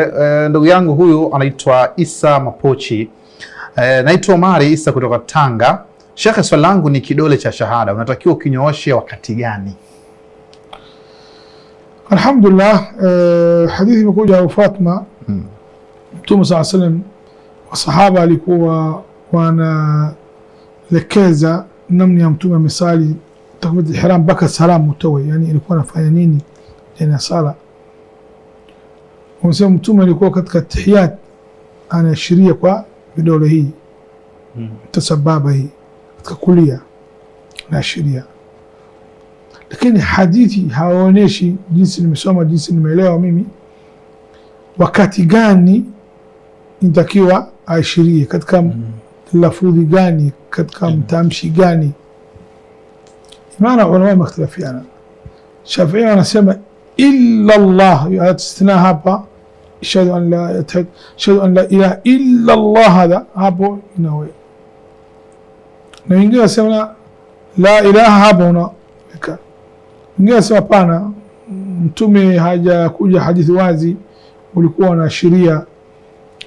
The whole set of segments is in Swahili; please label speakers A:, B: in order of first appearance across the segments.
A: E, ndugu yangu huyu anaitwa Isa Mapochi. E, naitwa Mari Isa kutoka Tanga. Shekhe, swali langu ni kidole cha shahada, unatakiwa ukinyooshe wakati gani?
B: Alhamdulillah, e, hadithi imekuja au Fatma hmm. Mtume hmm. saa salam wasahaba alikuwa wanaelekeza namna ya Mtume misali takbiratul ihram mpaka salamu utowe, yani ilikuwa anafanya nini ndani ya sala Unasema Mtume alikuwa katika tahiyat anaashiria kwa vidole hii mm. tasababa hii katika kulia naashiria, lakini hadithi hawaonyeshi jinsi nimesoma, jinsi nimeelewa mimi, wakati gani inatakiwa aashirie katika mm. lafudhi gani, katika mm. mtamshi gani. Maana ulama wamekhtalafiana. Shafii wanasema illa Allah, istina hapa shahadu an la shahadu an la ilaha illa Allah, hadha hapo inawe na wengine wasema la ilaha hapo unaweka, wengine wasema pana, mtume hajakuja hadithi wazi, ulikuwa na sheria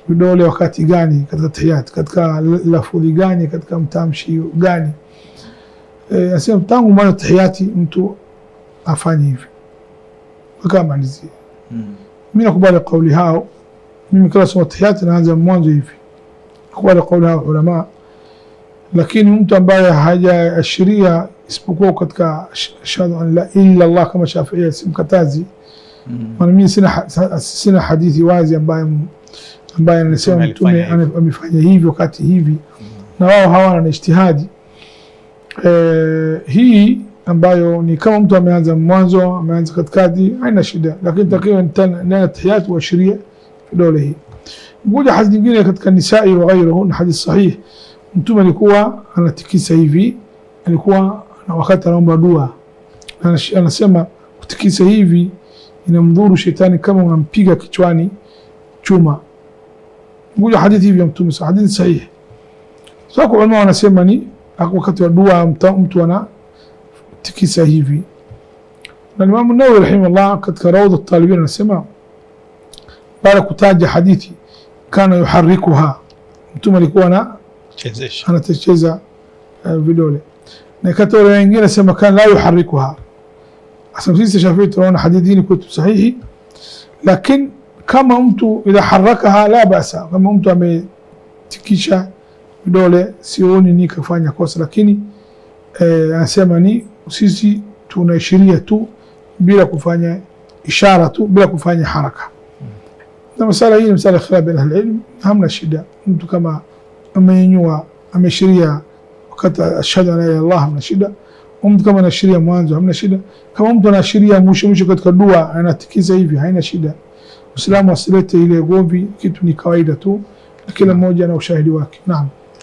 B: vidole wakati gani, katika tahiyat, katika lafudhi gani, katika mtamshi gani. E, tangu mwana tahiyati mtu afanye hivi mpaka amalizie. Mimi nakubali kauli hao. Mimi kila somo tahiyati naanza mwanzo hivi, nakubali kauli hao ulama, lakini mtu ambaye hajaashiria isipokuwa katika ashhadu an la illa Allah kama Shafi'i simkatazi. Hmm. Maana mimi sina sina hadithi wazi ambaye ambaye anasema mtume amefanya hivi wakati hmm. hivi, na wao hawana na ijtihadi eh, hii ambayo ni kama mtu ameanza mwanzo, ameanza katikati, haina shida, lakini takriban nane tahiyat huashiria kidole hii. Mkuja hadithi nyingine katika Nisai wa ghairuhu, ni hadithi sahih, Mtume alikuwa anatikisa hivi, alikuwa na wakati anaomba dua, anasema kutikisa hivi inamdhuru shetani kama unampiga kichwani chuma. Mkuja hadithi hivi ya Mtume, hadithi sahihi. Sasa kwa ulama wanasema ni wakati wa dua mtu ana tikisa hivi na Imam Nawawi rahimahullah katika Rawda Talibin anasema baada kutaja hadithi kana yuharikuha, mtume alikuwa ana chezesha eh, vidole, na katika wengine anasema kana la yuharikuha. Sasa sisi Shafii tunaona hadithi ni kwetu sahihi, lakini kama mtu idha harakaha la basa, kama mtu ametikisha vidole sioni ni kafanya kosa, lakini eh, anasema ni sisi tunaishiria tu bila kufanya ishara tu bila kufanya haraka hmm. Na masala hii ni masala khilaf baina ahlilm, hamna shida. Mtu kama ameinyua ameshiria wakati ashhadu an la ilaha illallah, hamna shida. Mtu kama anashiria mwanzo, hamna shida. Kama mtu anashiria mwisho mwisho katika dua anatikiza hivi, haina shida. Uislamu asilete ile gomvi, kitu ni kawaida tu, na kila mmoja ana ushahidi wake. Naam.